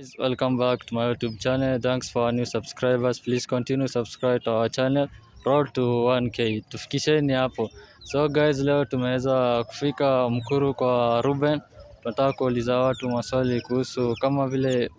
Please welcome back to my YouTube channel. Thanks for our new subscribers. Please continue subscribe to our channel. Road to 1K. Tufikisheni hapo. So guys, leo tumeweza kufika Mkuru kwa Ruben. Tunataka kuuliza watu maswali kuhusu kama vile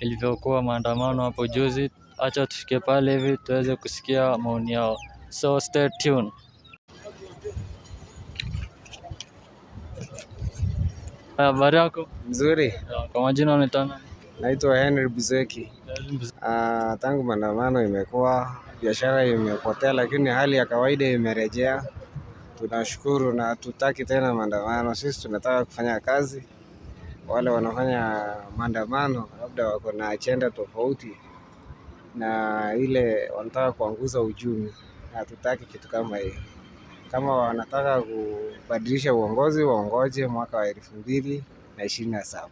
ilivyokuwa maandamano hapo juzi. Acha tufike pale hivi tuweze kusikia maoni yao. So stay tuned. Habari yako? Mzuri. Kwa majina unaitwa nani? Naitwa Henry Biseki. Uh, ah, tangu maandamano imekuwa, biashara imepotea, lakini hali ya kawaida imerejea. Tunashukuru na hatutaki tena maandamano. Sisi tunataka kufanya kazi. Wale wanafanya maandamano labda wako na ajenda tofauti na ile wanataka kuanguza uchumi. Hatutaki kitu kama hiyo. Kama wanataka kubadilisha uongozi, waongoje mwaka wa elfu mbili na ishirini na saba.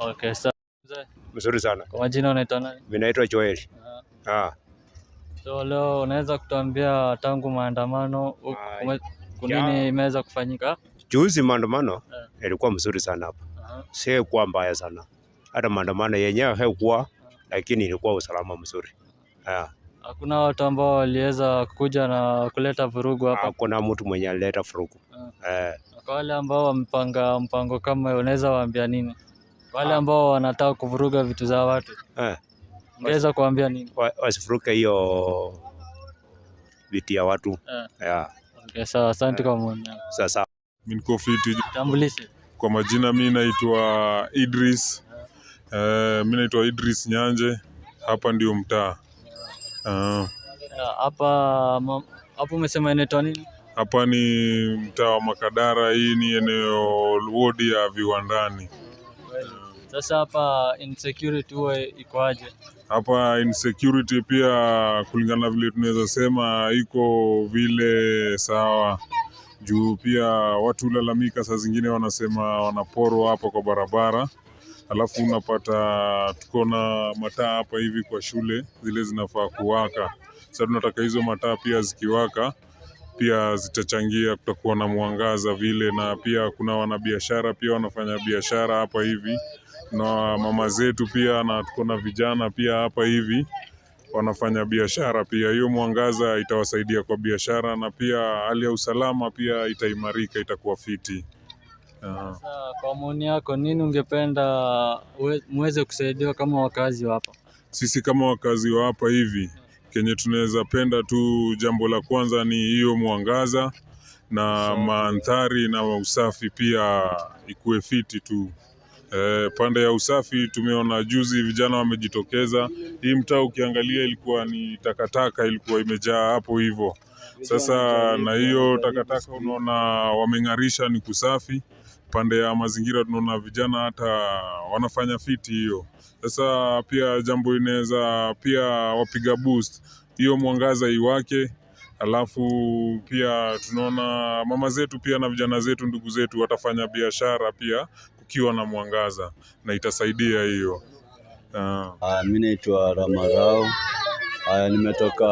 Okay, so Mzee. Mzuri sana. Kwa majina unaitwa nani? Mimi naitwa Joel. Ah. ah. So leo unaweza kutuambia tangu maandamano kunini imeweza kufanyika? Juzi maandamano eh. yalikuwa mzuri sana hapa. kwa mbaya sana. Hata maandamano yenyewe haikuwa lakini ilikuwa usalama mzuri. Ah. ah. Hakuna watu ambao waliweza kuja na kuleta vurugu hapa. Hakuna mtu mwenye alileta vurugu. Ah. Eh. Kwa wale ambao wamepanga mpango kama unaweza waambia nini? Wale ah. ambao wanataka kuvuruga vitu za watu eh, ungeweza kuambia nini? Wasivuruke hiyo vitu ya watu eh. Yeah. Okay, sawa, asante eh. Kwa muda sawa, mimi niko fiti. Tambulishe kwa majina, mimi naitwa Idris eh. Eh, mimi naitwa Idris Nyanje, hapa ndio mtaa yeah. Uh. hapa hapo umesema inaitwa nini? Hapa ni mtaa wa Makadara. Hii ni eneo wodi ya Viwandani. Sasa hapa insecurity huwa ikoaje? Hapa insecurity pia, kulingana na vile tunaweza sema, iko vile sawa juu pia watu hulalamika saa zingine, wanasema wanaporwa hapa kwa barabara, alafu unapata tuko na mataa hapa hivi kwa shule zile zinafaa kuwaka. Sasa tunataka hizo mataa pia zikiwaka pia zitachangia kutakuwa na mwangaza vile, na pia kuna wanabiashara pia wanafanya biashara hapa hivi, na mama zetu pia, na tuko na vijana pia hapa hivi wanafanya biashara pia. Hiyo mwangaza itawasaidia kwa biashara, na pia hali ya usalama pia itaimarika, itakuwa fiti. Ah. Sasa, kwa maoni yako, nini ungependa muweze kusaidiwa kama wakazi wa hapa? Sisi kama wakazi wa hapa hivi Kenye tunaweza penda tu, jambo la kwanza ni hiyo mwangaza na mandhari na usafi pia ikuwe fiti tu. E, pande ya usafi tumeona juzi vijana wamejitokeza. Hii mtaa ukiangalia ilikuwa ni takataka, ilikuwa imejaa hapo hivyo. Sasa na hiyo takataka unaona wameng'arisha, ni kusafi. Pande ya mazingira tunaona vijana hata wanafanya fiti hiyo. Sasa pia jambo inaweza pia wapiga boost hiyo mwangaza iwake, alafu pia tunaona mama zetu pia na vijana zetu, ndugu zetu watafanya biashara pia kukiwa na mwangaza, na itasaidia hiyo. Mimi ah. ah, naitwa Ramarao. Haya, ah, nimetoka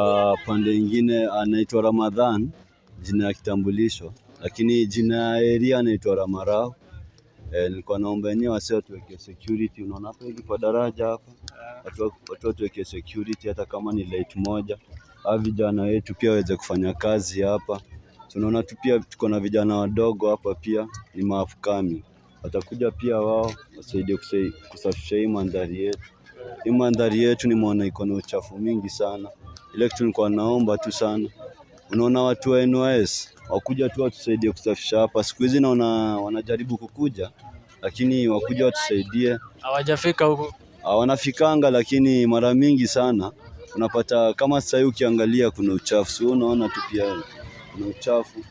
pande ingine, anaitwa Ramadhan jina ya kitambulisho lakini jina area naitwa Ramarau. Eh, nilikuwa naomba wenyewe wasio tuweke security. Unaona hapo hivi kwa daraja hapa watu watuweke security, hata kama ni light moja, au vijana wetu pia waweze kufanya kazi hapa. Tunaona tu pia tuko na vijana wadogo hapa pia ni maafukami, watakuja pia wao wasaidie kusafisha hii mandhari yetu. Hii mandhari yetu nimeona iko na uchafu mingi sana, ile kitu nilikuwa naomba tu sana unaona watu wa NYS wakuja tu watusaidie kusafisha hapa. Siku hizi naona wanajaribu kukuja, lakini wakuja watusaidie. Hawajafika huko, ah, wanafikanga lakini mara mingi sana unapata kama sasa hivi ukiangalia kuna uchafu, sio? Unaona tu pia kuna uchafu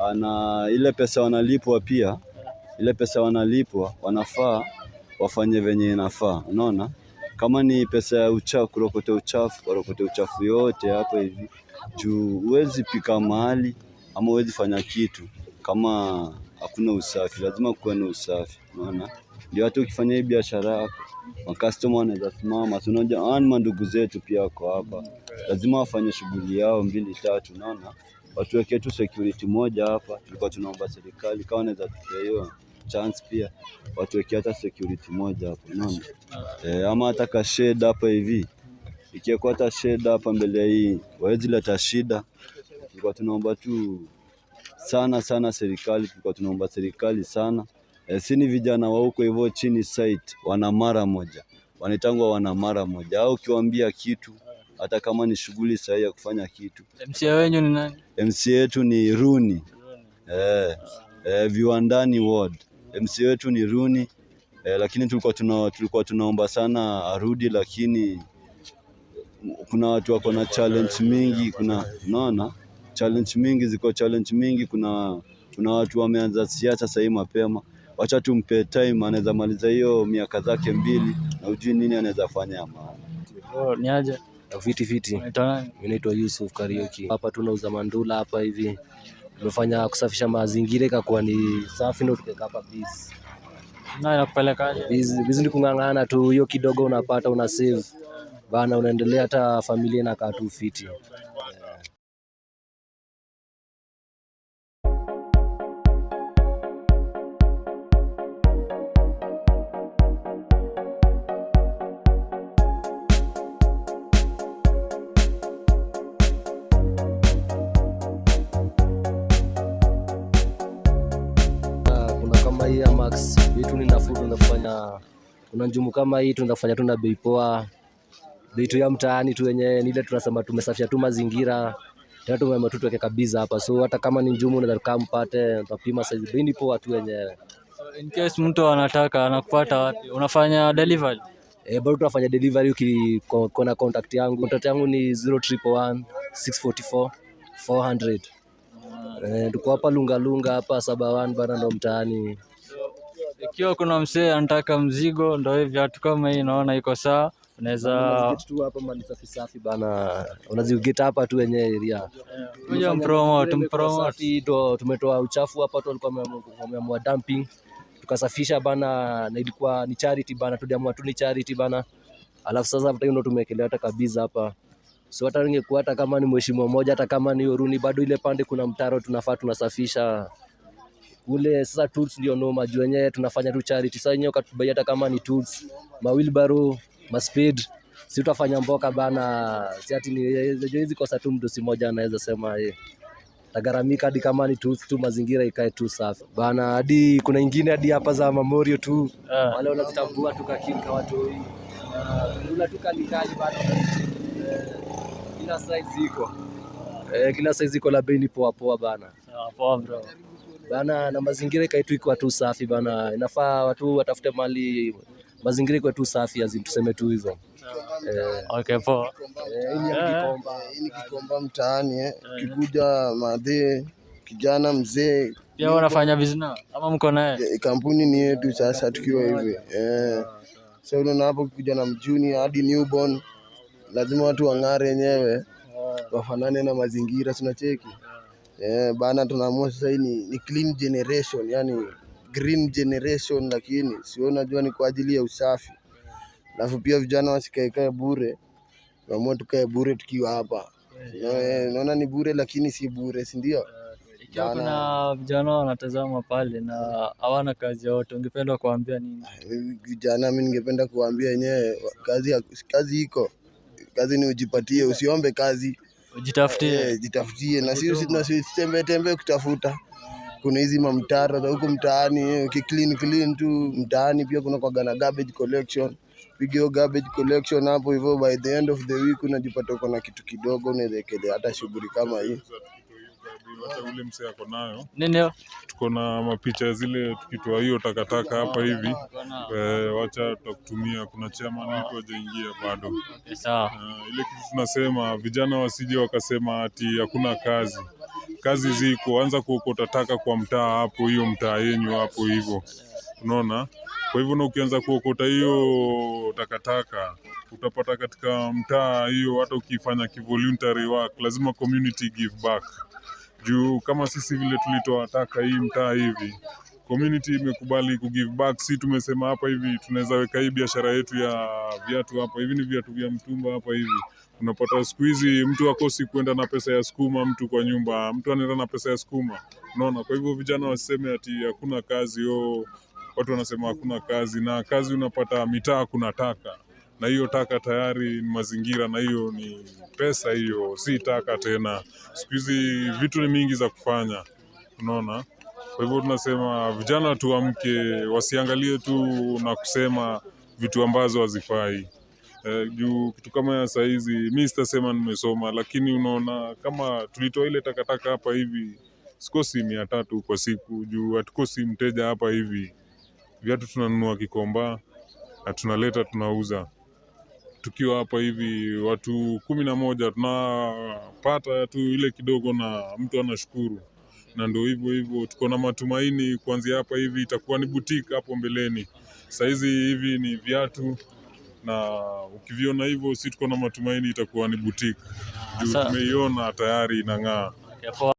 ah, na ile pesa wanalipwa pia, ile pesa wanalipwa wanafaa wafanye venye inafaa. Unaona, kama ni pesa ya uchafu, kurokote uchafu, warokote uchafu yote hapa hivi juu huwezi pika mahali ama huwezi fanya kitu kama hakuna usafi, lazima kuwe na usafi, unaona. Ndio hata ukifanya hii biashara yako makastoma wanaweza simama, si unajua mandugu zetu pia wako hapa, lazima wafanye shughuli yao mbili tatu, unaona. Watuwekee tu security moja hapa, tulikuwa tunaomba serikali kama wanaweza tupea hiyo chance pia watuwekee hata security moja hapa, unaona eh, ama hata kashed hapa hivi ikiwekwa hata sheda hapa mbele hii waezi leta shida. Tulikuwa tunaomba tu sana sana serikali, tulikuwa tunaomba serikali sana e, eh, sini vijana wa huko hivyo chini site wana mara moja wanitangwa wana mara moja, au ukiwaambia kitu hata kama ni shughuli sahihi ya kufanya kitu. MC wenyu ni nani? MC yetu ni Runi e, e, Viwandani ward. MC wetu ni Runi e, lakini tulikuwa tuna, tulikuwa tunaomba sana arudi lakini kuna watu wako na challenge mingi, kuna unaona challenge mingi ziko challenge mingi. Kuna kuna watu wameanza siasa sahii mapema, wacha tumpe time, anaweza maliza hiyo miaka zake mbili na ujui nini anaweza fanya. Oh, ni aje Fiti fiti. Naitwa Yusuf Karioki. Hapa tunauza mandula hapa hivi. Tumefanya kusafisha mazingira ikakuwa ni safi ndio tukaweka hapa busy. Na inakupelekaje? Busy ni kung'ang'ana tu hiyo kidogo unapata una save bana, unaendelea hata familia inakaa tu fiti. Ah, Max vitu ni nafuu, tunafanya kuna njumu kama hii tunafanya tu na bei poa vitu ya mtaani tu wenyewe, nile, tunasema tumesafisha tu mazingira tena, tumeamua tu tuweke kabisa hapa, so hata kama ni njumu unaweza kaa mpate, utapima size bei, ndipo watu wenyewe. In case mtu anataka anakupata wapi? Unafanya delivery? Eh, bado tunafanya delivery, ukikona contact yangu. Contact yangu ni 0311 644 400. Eh, tuko hapa Lunga Lunga hapa Sabawan bana, ndo mtaani. Ikiwa kuna msee anataka mzigo, ndo hivyo hatu kama hii, naona iko sawa. Naweza tu hapa mali safi safi bana, unaziget hapa tu wenye area moja, mpromote mpromote, ndo tumetoa uchafu hapa tu, walikuwa wameamua dumping, tukasafisha bana, na ilikuwa ni charity bana, tuliamua tu ni charity bana. Alafu sasa hapa ndo tumeekelea hata kabisa hapa, so hata ningekuwa hata kama ni mheshimiwa mmoja, hata kama ni Oruni, bado ile pande kuna mtaro tunafaa tunasafisha ule sasa tools ndio noma juu wenyewe tunafanya tu charity. Sasa wenyewe ukatubai hata kama ni tools mawilbaro Maspeed si utafanya mboka bana, si ati ni hizi kosa tu, mtu si moja anaweza sema eh, tagaramika hadi kama ni tu, tu mazingira ikae tu safi bana, hadi kuna ingine hadi hapa za Memorial tu uh, wale wanazitambua tu kwa kinga watu hii uh, tu kalikali bana, kila size iko eh, kila size iko, la bei ni poa poa bana, sawa ah, poa bro bana, na mazingira ikae tu iko tu safi bana, inafaa watu watafute mali mazingira kwetu tu safi, azi tuseme tu hivyo. Eh. Okay, poa. Eh, hii ni Kikomba eh. mtaani Kiguja, Kikuja madhe kijana mzee pia wanafanya bizna ama mko naye? Kampuni ni yetu sasa, tukiwa hivi eh. Sasa unaona hapo kuja na mjuni hadi newborn, lazima watu wang'are wenyewe wafanane na mazingira, tunacheki eh bana. Tunaamua sasa hii ni, ni clean generation yani green generation, lakini sio, unajua ni kwa ajili ya usafi. Alafu pia vijana wasikaekae bure, naamua tukae bure tukiwa hapa. Eh, naona ni bure lakini si bure, si ndio? Eh, Ikiwa kuna vijana wanatazama pale na hawana kazi yote, ungependa kuambia nini ah, eh, vijana? Mimi ningependa kuambia yenyewe kazi, kazi iko kazi ni ujipatie, usiombe kazi, ujitafutie, jitafutie na sisi tunasitembee tembee kutafuta kuna hizi mamtaro za huku mtaani, ki clean tu mtaani. Pia kuna kwa gana garbage collection, pigio garbage collection hapo hivyo, by the end of the week unajipata uko na kitu kidogo, unawezaekelea hata shughuli kama hii hata ule msee ako nayo nini, tuko na mapicha zile, tukitoa hiyo takataka hapa hivi e, wacha tutakutumia. Kuna chama wetu jaingia bado e, ile kitu tunasema vijana wasije wakasema ati hakuna kazi kazi ziko, anza kuokota taka kwa mtaa hapo, hiyo mtaa yenyu hapo hivyo, unaona. Kwa hivyo na ukianza kuokota hiyo takataka utapata katika mtaa hiyo, hata ukifanya kivoluntary work, lazima community give back, juu kama sisi vile tulitoa taka hii mtaa hivi community imekubali give back. Si tumesema hapa hivi tunaweza weka hii biashara yetu ya viatu hapa hivi, ni viatu vya mtumba hapa hivi. Unapata siku hizi mtu akosi kwenda na pesa ya sukuma, mtu kwa nyumba, mtu anaenda na pesa ya sukuma, unaona. Kwa hivyo vijana wasiseme ati hakuna kazi o, oh, watu wanasema hakuna kazi, na kazi unapata mitaa kuna taka na hiyo taka tayari ni mazingira, na hiyo ni pesa, hiyo si taka tena. Siku hizi vitu ni mingi za kufanya, unaona. Kwa hivyo tunasema vijana tuamke, wasiangalie tu na kusema vitu ambazo hazifai. Uh, juu kitu kama ya sahizi mi sitasema nimesoma, lakini unaona kama tulitoa ile takataka hapa hivi, sikosi mia tatu kwa siku, juu hatukosi mteja hapa hivi. Viatu tunanunua Kikomba na tunaleta tunauza, tukiwa hapa hivi watu kumi na moja tunapata tu ile kidogo, na mtu anashukuru na ndio hivyo hivyo, tuko na matumaini kuanzia hapa hivi itakuwa ni boutique hapo mbeleni. Saizi hivi ni viatu na ukiviona hivyo, si tuko na matumaini itakuwa ni boutique juu tumeiona tayari inang'aa.